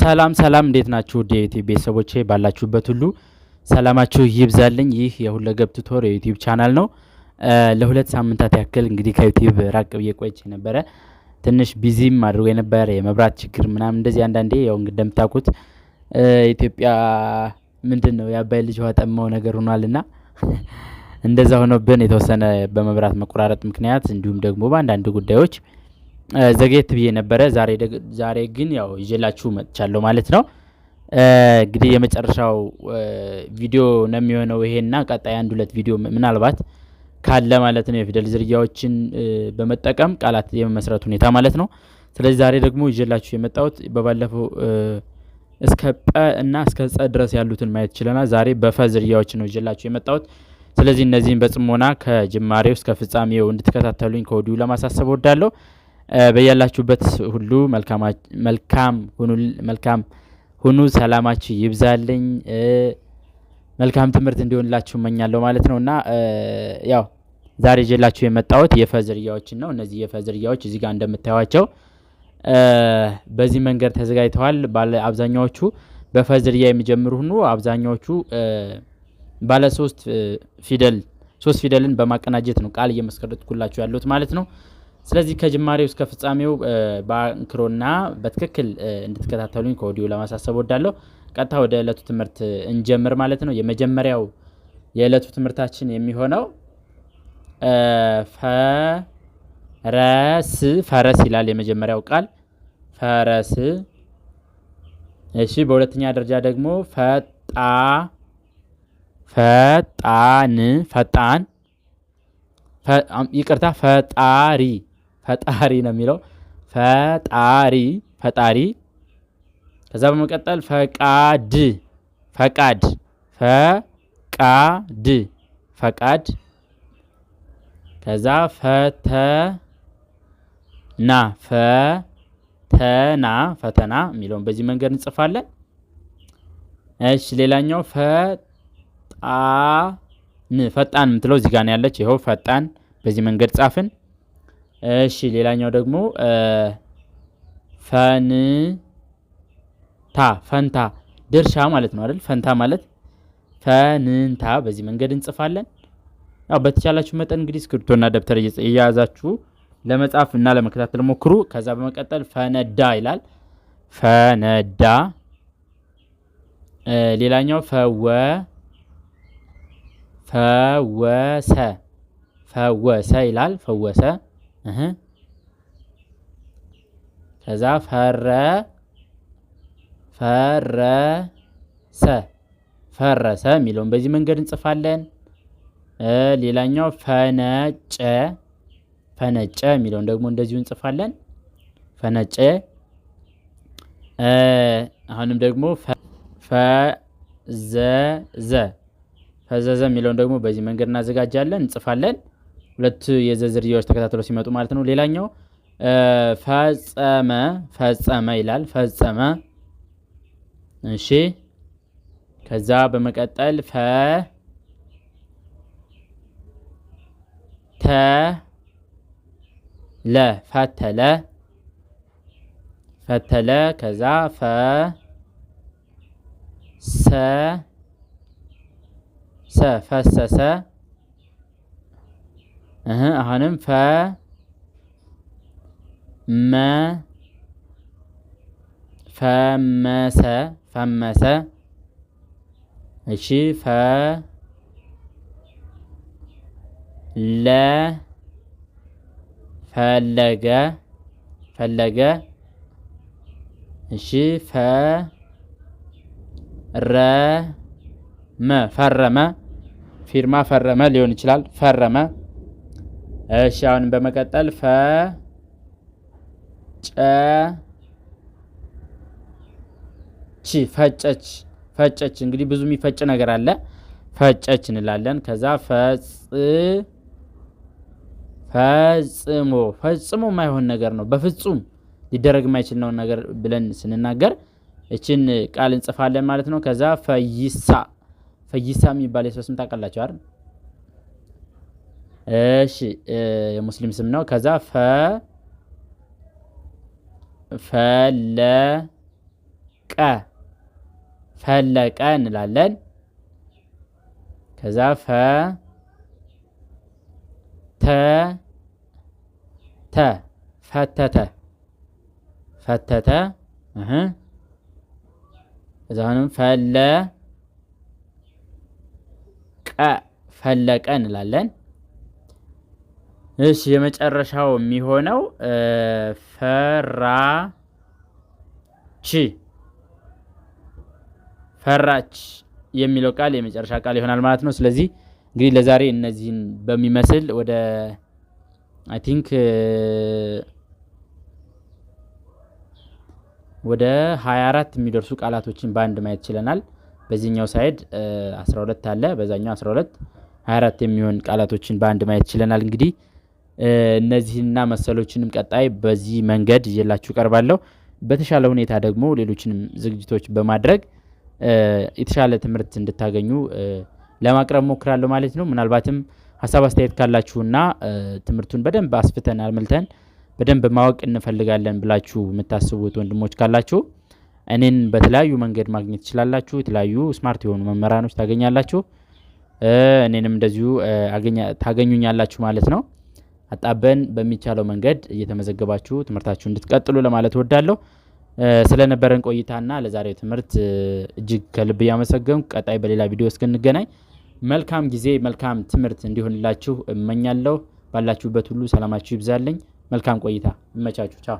ሰላም ሰላም፣ እንዴት ናችሁ? ውድ የዩቲዩብ ቤተሰቦቼ ባላችሁበት ሁሉ ሰላማችሁ ይብዛልኝ። ይህ የሁለገብ ቱቶር የዩቲዩብ ቻናል ነው። ለሁለት ሳምንታት ያክል እንግዲህ ከዩቲዩብ ራቅ ብዬ ቆይቼ ነበረ። ትንሽ ቢዚም አድርጎ የነበረ የመብራት ችግር ምናምን እንደዚህ አንዳንዴ ያው እንደምታውቁት ኢትዮጵያ ምንድን ነው የአባይ ልጅ ውሃ ጠማው ነገር ሆኗልና እንደዛ ሆኖብን የተወሰነ በመብራት መቆራረጥ ምክንያት እንዲሁም ደግሞ በአንዳንድ ጉዳዮች ዘጌት ብዬ ነበረ። ዛሬ ግን ያው ይዤላችሁ መጥቻለሁ ማለት ነው። እንግዲህ የመጨረሻው ቪዲዮ ነው የሚሆነው ይሄና ቀጣይ አንድ ሁለት ቪዲዮ ምናልባት ካለ ማለት ነው የፊደል ዝርያዎችን በመጠቀም ቃላት የመመስረት ሁኔታ ማለት ነው። ስለዚህ ዛሬ ደግሞ ይዤላችሁ የመጣሁት በባለፈው እስከ ጰ እና እስከ ጸ ድረስ ያሉትን ማየት ችለናል። ዛሬ በፈ ዝርያዎች ነው ይዤላችሁ የመጣሁት። ስለዚህ እነዚህን በጽሞና ከጅማሬው እስከ ፍጻሜው እንድትከታተሉኝ ከወዲሁ ለማሳሰብ ወዳለሁ። በያላችሁበት ሁሉ መልካም ሁኑ። ሰላማችሁ ይብዛልኝ። መልካም ትምህርት እንዲሆንላችሁ እመኛለሁ ማለት ነው እና ያው ዛሬ ጀላችሁ የመጣሁት የፈ ዝርያዎችን ነው። እነዚህ የፈ ዝርያዎች እዚህ ጋር እንደምታዩቸው በዚህ መንገድ ተዘጋጅተዋል። አብዛኛዎቹ በፈ ዝርያ የሚጀምሩ ሁኑ። አብዛኛዎቹ ባለ ሶስት ፊደል ሶስት ፊደልን በማቀናጀት ነው ቃል እየመስከረትኩላችሁ ያሉት ማለት ነው። ስለዚህ ከጅማሬው እስከ ፍጻሜው በአንክሮና በትክክል እንድትከታተሉኝ ከወዲሁ ለማሳሰብ ወዳለሁ። ቀጥታ ወደ ዕለቱ ትምህርት እንጀምር ማለት ነው። የመጀመሪያው የዕለቱ ትምህርታችን የሚሆነው ፈረስ ፈረስ ይላል የመጀመሪያው ቃል ፈረስ። እሺ፣ በሁለተኛ ደረጃ ደግሞ ፈጣ ፈጣን ፈጣን ይቅርታ ፈጣሪ ፈጣሪ ነው የሚለው ፈጣሪ ፈጣሪ። ከዛ በመቀጠል ፈቃድ ፈቃድ ፈቃድ ፈቃድ። ከዛ ፈተና ፈተና ፈተና የሚለውን በዚህ መንገድ እንጽፋለን። እሺ ሌላኛው ፈጣን ፈጣን የምትለው እዚህ ጋር ነው ያለች። ይኸው ፈጣን በዚህ መንገድ ጻፍን። እሺ ሌላኛው ደግሞ ፈንታ ፈንታ ድርሻ ማለት ነው አይደል? ፈንታ ማለት ፈንንታ በዚህ መንገድ እንጽፋለን። ያው በተቻላችሁ መጠን እንግዲህ እስክሪብቶና ደብተር እየያዛችሁ ለመጻፍ እና ለመከታተል ሞክሩ። ከዛ በመቀጠል ፈነዳ ይላል። ፈነዳ ሌላኛው ፈወ ፈወሰ ፈወሰ ይላል። ፈወሰ ከዛ ፈረ ፈረሰ ፈረሰ የሚለውን በዚህ መንገድ እንጽፋለን። ሌላኛው ፈነጨ ፈነጨ የሚለውን ደግሞ እንደዚሁ እንጽፋለን። ፈነጨ አሁንም ደግሞ ፈዘዘ ፈዘዘ የሚለውን ደግሞ በዚህ መንገድ እናዘጋጃለን፣ እንጽፋለን። ሁለት የዘ ዝርያዎች ተከታትለው ሲመጡ ማለት ነው። ሌላኛው ፈጸመ ፈጸመ ይላል ፈጸመ። እሺ ከዛ በመቀጠል ፈ ተ ለ ፈተለ ፈተለ ከዛ ፈ ሰ ሰ ፈሰሰ አሁንም ፈ መ ፈመሰ ፈመሰ እሺ ፈ ለ ፈለገ ፈለገ እሺ ፈ ረ መ ፈረመ ፊርማ ፈረመ ሊሆን ይችላል። ፈረመ እሺ አሁን በመቀጠል ፈ ጨ ቺ ፈጨች ፈጨች። እንግዲህ ብዙ የሚፈጭ ነገር አለ። ፈጨች እንላለን። ከዛ ፈጽ ፈጽሞ ፈጽሞ የማይሆን ነገር ነው። በፍጹም ሊደረግ የማይችል ነው ነገር ብለን ስንናገር እችን ቃል እንጽፋለን ማለት ነው። ከዛ ፈይሳ ፈይሳ የሚባል የሰው ስም ታውቃላችሁ አይደል? ايش يا مسلم اسم نو كذا ف فلك فلك نلعلن كذا ف ت ت فتت فتت اها اذا هنم فلك فلك نلعلن እሺ የመጨረሻው የሚሆነው ፈራች ፈራች የሚለው ቃል የመጨረሻ ቃል ይሆናል ማለት ነው። ስለዚህ እንግዲህ ለዛሬ እነዚህን በሚመስል ወደ አይ ቲንክ ወደ 24 የሚደርሱ ቃላቶችን በአንድ ማየት ችለናል። በዚህኛው ሳይድ 12 አለ፣ በዛኛው 12 24 የሚሆን ቃላቶችን በአንድ ማየት ችለናል እንግዲህ እነዚህና መሰሎችንም ቀጣይ በዚህ መንገድ እየላችሁ ቀርባለሁ። በተሻለ ሁኔታ ደግሞ ሌሎችንም ዝግጅቶች በማድረግ የተሻለ ትምህርት እንድታገኙ ለማቅረብ ሞክራለሁ ማለት ነው። ምናልባትም ሀሳብ አስተያየት ካላችሁና ትምህርቱን በደንብ አስፍተን አልምልተን በደንብ ማወቅ እንፈልጋለን ብላችሁ የምታስቡት ወንድሞች ካላችሁ እኔን በተለያዩ መንገድ ማግኘት ትችላላችሁ። የተለያዩ ስማርት የሆኑ መምህራኖች ታገኛላችሁ፣ እኔንም እንደዚሁ ታገኙኛላችሁ ማለት ነው። አጣበን በሚቻለው መንገድ እየተመዘገባችሁ ትምህርታችሁ እንድትቀጥሉ ለማለት እወዳለሁ። ስለነበረን ቆይታና ለዛሬው ትምህርት እጅግ ከልብ እያመሰገኑ ቀጣይ በሌላ ቪዲዮ እስክንገናኝ መልካም ጊዜ፣ መልካም ትምህርት እንዲሆንላችሁ እመኛለሁ። ባላችሁበት ሁሉ ሰላማችሁ ይብዛለኝ። መልካም ቆይታ። እመቻችሁ። ቻው